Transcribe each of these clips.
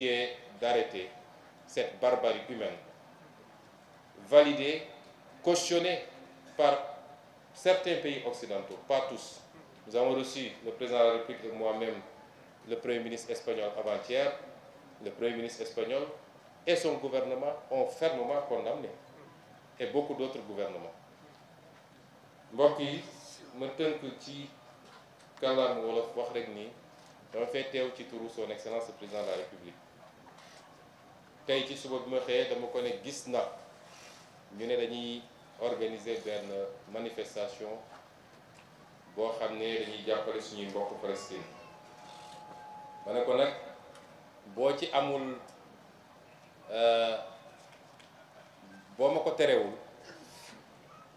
est d'arrêter cette barbarie humaine, validée, cautionnée par certains pays occidentaux, pas tous. Nous avons le président de la République et moi-même le Premier ministre espagnol avant-hier, le Premier ministre espagnol et son gouvernement ont fermement condamné et beaucoup d'autres gouvernements. mbokk yi ma tënk ci kàllaama wolof wax rek nii dama fay teew ci turu son excellence le président de la République tey ci suba bi ma xëyee dama ko ne gis na ñu ne dañuy organiser benn manifestation boo xam ne dañuy jàppale suñuy mbokk Palestine ma ne ko nag boo ci amul euh, boo ma ko terewul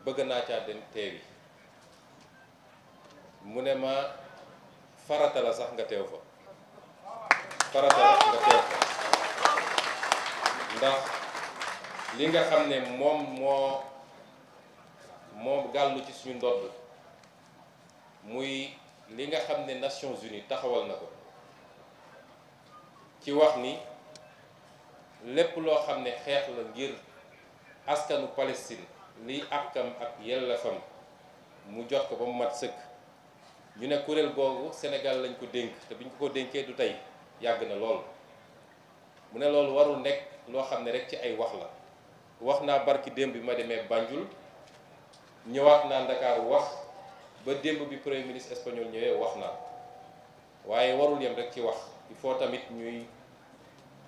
bëgg naa caa dem teewi mu ne ma faratala sax nga teew fa farata la nga teew ndax li nga xam ne moom moo moom gàllu ci suñu ndodd muy li nga xam ne Nations Unies taxawal na ko ci wax ni lépp loo xam ne xeex la ngir askanu Palestine liy àkkam ak yellefam mu jot ko ba mu mat sëkk ñu ne kuréel googu senegal lañ ko dénk te buñ ko ko dénkee du tey yàgg na lool mu ne loolu warul nekk loo xam ne rek ci ay wax la wax naa barki démb bi ma demee Banjul ñëwaat naa Ndakaaru wax ba démb bi premier ministre espagnol ñëwee wax naa waaye warul yem rek ci wax il faut tamit ñuy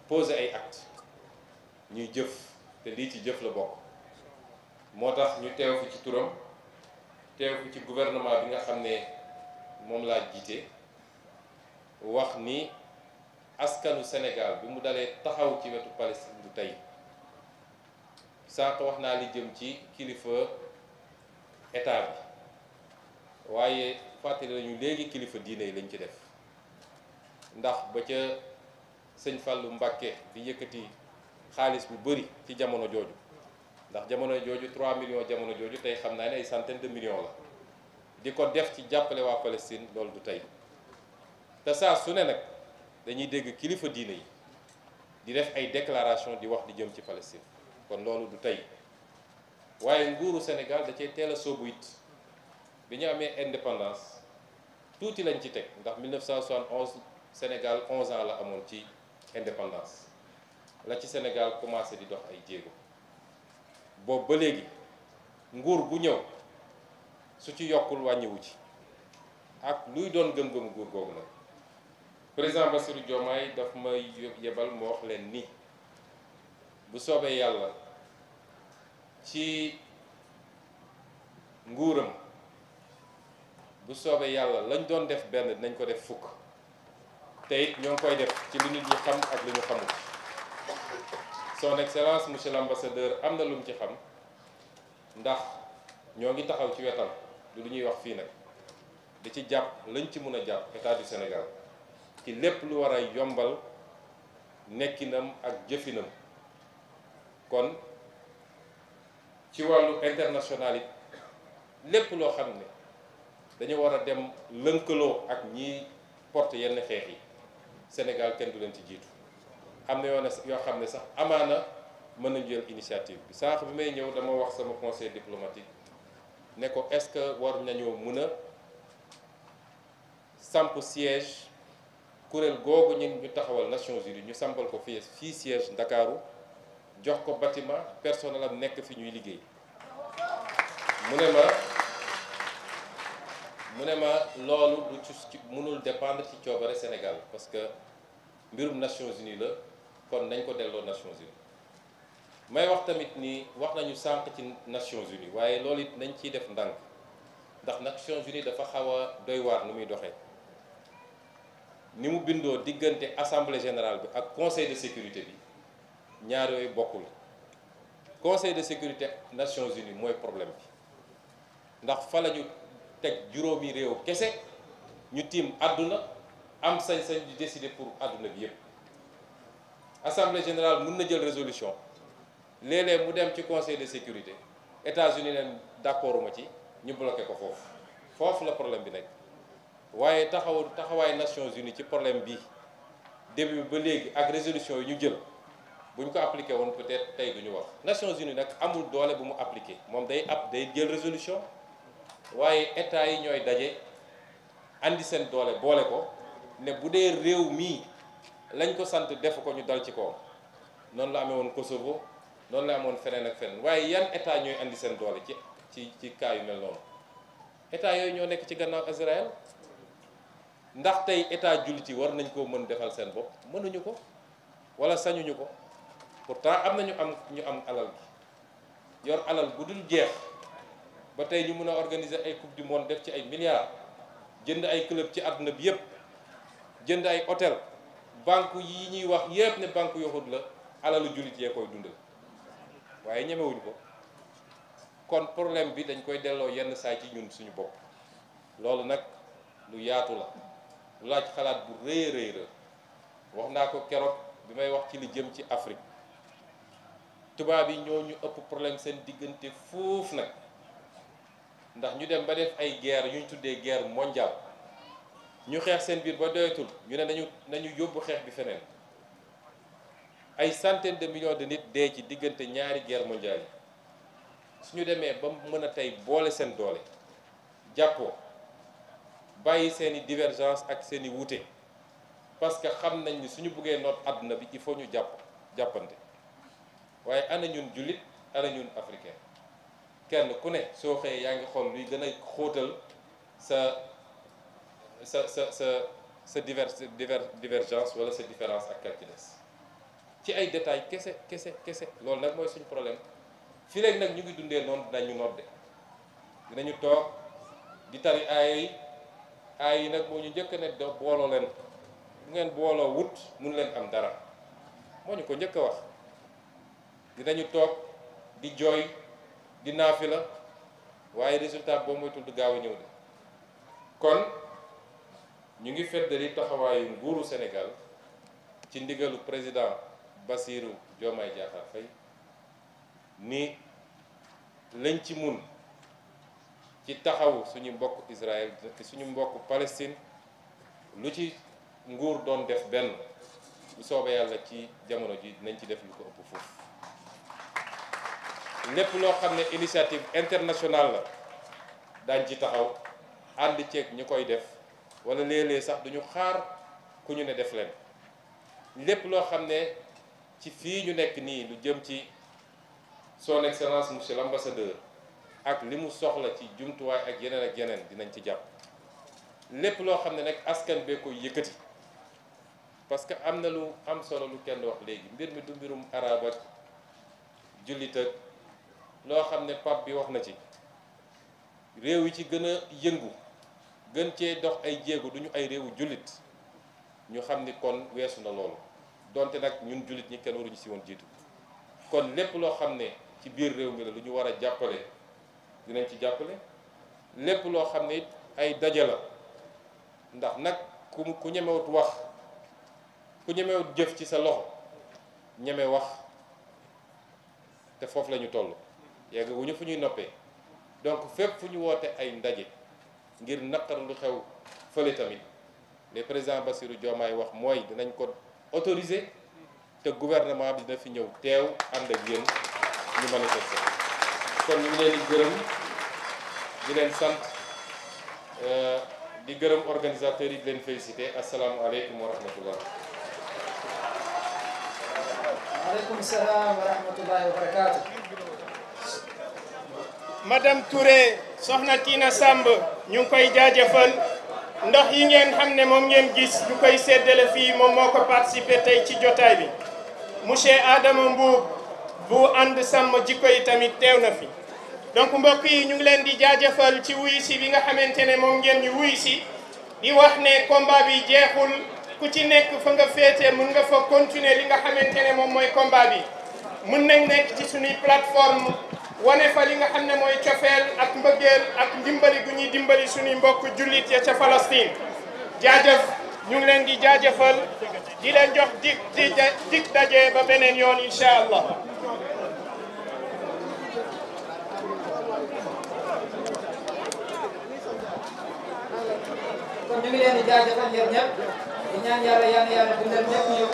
poser ay acte ñuy jëf te lii ci jëf la bokk moo tax ñu teew fi ci turam teew fi ci gouvernement bi nga xam ne moom laa jiite wax ni askanu Sénégal bi mu dalee taxaw ci wetu Palestine bu tey sànq wax naa li jëm ci kilifa état bi waaye fàttali nañu léegi kilifa diine yi lañ ci def ndax ba ca sëñ Fallou Mbacké di yëkkati xaalis bu bari ci jamono jooju ndax jamono jooju 3 millions jamono jooju tey xam naa ne ay centaine de millions la di ko def ci jàppale waa Palestine loolu du tey te saa su ne nag. dañuy dégg kilifa diine yi di def ay déclaration di wax di jëm ci Palestine kon loolu du tey waaye nguuru Sénégal da cee teel a sóobu it bi ñu amee indépendance tuuti lañ ci teg ndax 1971 Sénégal 11 ans la amoon ci indépendance la ci Sénégal commencé di dox ay jéego boobu ba léegi nguur gu ñëw su ci yokkul wàññiwu ci ak luy doon gëm-gëm nguur googu nag président Bassirou Diomaye daf ma yebal moo wax leen nii bu soobee yàlla ci nguuram bu soobee yàlla lañ doon def benn dinañ ko def fukk te ñoo ngi koy def ci lu nit ñi xam ak lu ñu xamul son excellence monsieur l'ambassadeur am na lu mu ci xam ndax ñoo ngi taxaw ci wetam du lu ñuy wax fii nag di ci jàpp lañ ci mun a jàpp état du Sénégal ci lépp lu war a yombal nekkinam ak jëfinam kon ci wàllu international it lépp loo xam ne dañu war a dem lënkaloo ak ñiy porte yenn xeex yi Sénégal kenn du leen ci jiitu am na yoon yoo xam ne sax amaana mën na jël initiative bi sànq bi may ñëw dama wax sama conseil diplomatique ne ko est-ce que war nañoo mën a samp siège kuréel googu ñun ñu taxawal Nations Unies ñu sampal ko fii fii siège Ndakaaru jox ko bâtiment personne am nekk fi ñuy liggéey mu ne ma mu ne ma loolu du ci mënul dépendre ci coobare Sénégal parce que mbirum Nations Unies la kon nañ ko delloo Nations Unies may wax tamit ni wax nañu sànq ci Nations Unies waaye loolu it nañ ciy def ndànk ndax Nations Unies dafa xaw a doy waar nu muy doxee ni mu bindoo diggante assemblée général bi ak conseil de sécurité bi ñaar yooyu bokkul conseil de sécurité nations unies mooy problème bi ndax fala ñu teg juróomi réew kese ñu tiim àdduna am sañ-sañ di décider pour àdduna bi yépp assemblée général mun na jël résolution léeg mu dem ci conseil de sécurité États-Unis leen d'accord ma ci ñu bloqué ko foofu foofu la problème bi nekk waaye taxaw taxawaay Nations Unies ci problème bi début ba léegi ak résolution yi ñu jël bu ñu ko appliqué woon peut-être tey du ñu wax Nations Unies nag amul doole bu mu appliqué moom day ab day jël résolution waaye état yi ñooy daje indi seen doole boole ko ne bu dee réew mii lañ ko sant def ko ñu dal ci kawam noonu la amee woon Kosovo noonu la amoon feneen ak feneen waaye yan état ñooy indi seen doole ci ci ci cas yu mel noonu état yooyu ñoo nekk ci gannaaw Israël. ndax tey état jullit yi war nañ koo mën defal seen bopp mënuñu ko wala sañuñu ko pourtant am na ñu am ñu am alal gi yor alal bu dul jeex ba tey ñu mun a organiser ay coupe du monde def ci ay milliards jënd ay club ci àdduna bi yépp jënd ay hôtel banque yi ñuy wax yépp ne banque yoxut la alalu jullit yee koy dundal waaye ñemewuñ ko kon problème bi dañ koy delloo yenn saay ci ñun suñu bopp loolu nag lu yaatu la laaj xalaat bu rëy rëy la wax naa ko keroog bi may wax ci li jëm ci Afrique tubaab yi ñoo ñu ëpp problème seen diggante foofu nag ndax ñu dem ba def ay guerre yu ñu tuddee guerre mondiale ñu xeex seen biir ba doyatul ñu ne nañu nañu yóbbu xeex bi feneen ay centaine de millions de nit dee ci diggante ñaari guerre mondiale yi su ñu demee ba mën a tey boole seen doole jàppoo. bàyyi seen i divergence ak seeni i wuute parce que xam nañ ni suñu buggee noot àdduna bi il faut ñu jàpp jàppante waaye ana ñun jullit ana ñun africain kenn ku ne soo xëyee yaa ngi xool luy gën a xóotal sa sa sa sa sa diver divergence wala sa différence ak kal ci ay détails kese kese kese loolu nag mooy suñ problème fii léegi nag ñu ngi dundee noonu dinañu nodde dinañu toog di tari aaya aay yi nag moo ñu njëkk ne da booloo leen bu ngeen booloo wut mu mun leen am dara moo ñu ko njëkk a wax dinañu toog di jooy di la waaye résultat boo moytul du gaaw ñëw de kon ñu ngi feddali taxawaayu nguuru senegal ci ndigalu président Bassirou Diomaye Diakhar Faye ni lañ ci mun ci taxawu suñu mbokk Israël suñu mbokk Palestine lu ci nguur doon def benn bu soobee yàlla ci jamono ji nañ ci def lu ko ëpp foofu lépp loo xam ne initiative internationale la daañ ci taxaw ànd ceeg ñu koy def wala léeg-léeg sax duñu xaar ku ñu ne def leen lépp loo xam ne ci fii ñu nekk nii lu jëm ci son excellence monsieur l'ambassadeur ak li mu soxla ci jumtuwaay ak yeneen ak yeneen dinañ ci jàpp lépp loo xam ne nag askan bee koy yëkkati parce que am na lu am solo lu kenn wax léegi mbir mi du mbirum arab ak jullit ak loo xam ne pap bi wax na ci réew yi ci gën a yëngu gën cee dox ay jéego duñu ay réewu jullit ñu xam ni kon weesu na loolu donte nag ñun jullit ñi kenn waruñu si woon jiitu kon lépp loo xam ne ci biir réew mi la lu ñu war a jàppale dinañ ci jàppale lépp loo xam ne ay daje la ndax nag ku ku ñemewut wax ku ñemewut jëf ci sa loxo ñeme wax te foofu la ñu toll yeggaguñu fu ñuy noppee donc fépp fu ñu woote ay ndaje ngir naqar lu xew fële tamit le président basiru Diomaye wax mooy dinañ ko autoriser te gouvernement bi dina fi ñëw teew ànd ak yéen ñu manifester kon ñu leen di gërëm di euh, gërëm organisateurs yi leen félicité asalaamualeykum wa rahmatullah waaleykum salaam wa madame Touré soxna Tina Samb ñu ngi koy jaajëfal ndox yi ngeen xam ne moom ngeen gis ñu koy séddale fii moom moo ko participé tey ci jotaay bi monsieur Adama Mbuub bu ànd sàmm jikko yi tamit teew na fi donc mbokk yi ñu ngi leen di jaajëfal ci wuyu si bi nga xamante ne moom ngeen ñu wuyu si di wax ne combat bi jeexul ku ci nekk fa nga féete mën nga fa continuer li nga xamante ne moom mooy combat bi mën nañ nekk ci suñuy plateforme wane fa li nga xam ne mooy cofeel ak mbëggeel ak ndimbali bu ñuy dimbali suñuy mbokk jullit ya ca Palestine jaajëf ñu ngi leen di jaajëfal di leen jox dig di ba beneen yoon incha allah. kon ñu ngi leen di jaajëfal di ñaan yàlla yal na yàlla dundal ñëpp ñëw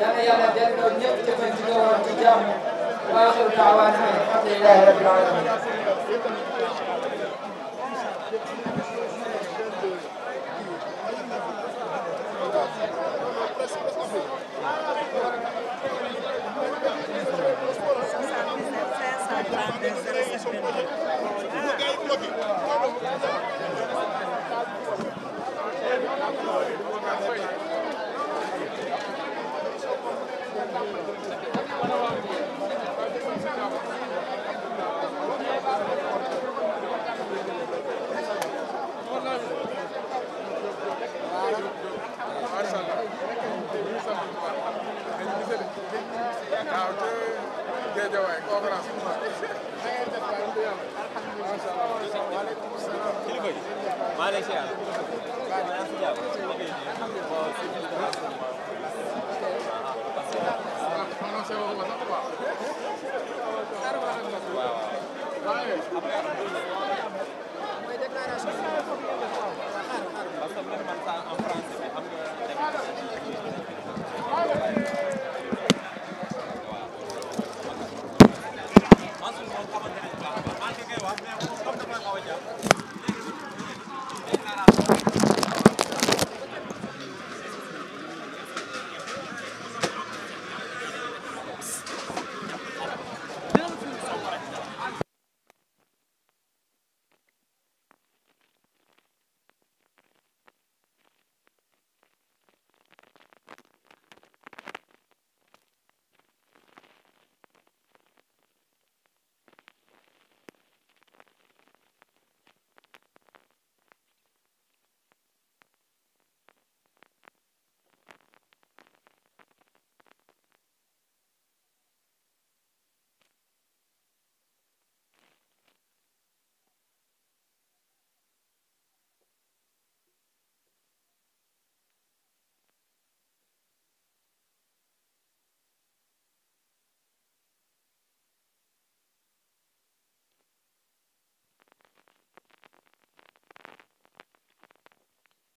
yal na yàlla delloo ñëpp jëfandikoo woon ci jàmm waaxiru daawaana Malaysia. Malaysia. Malaysia. Malaysia. Malaysia. Malaysia. Malaysia. mooy déclaration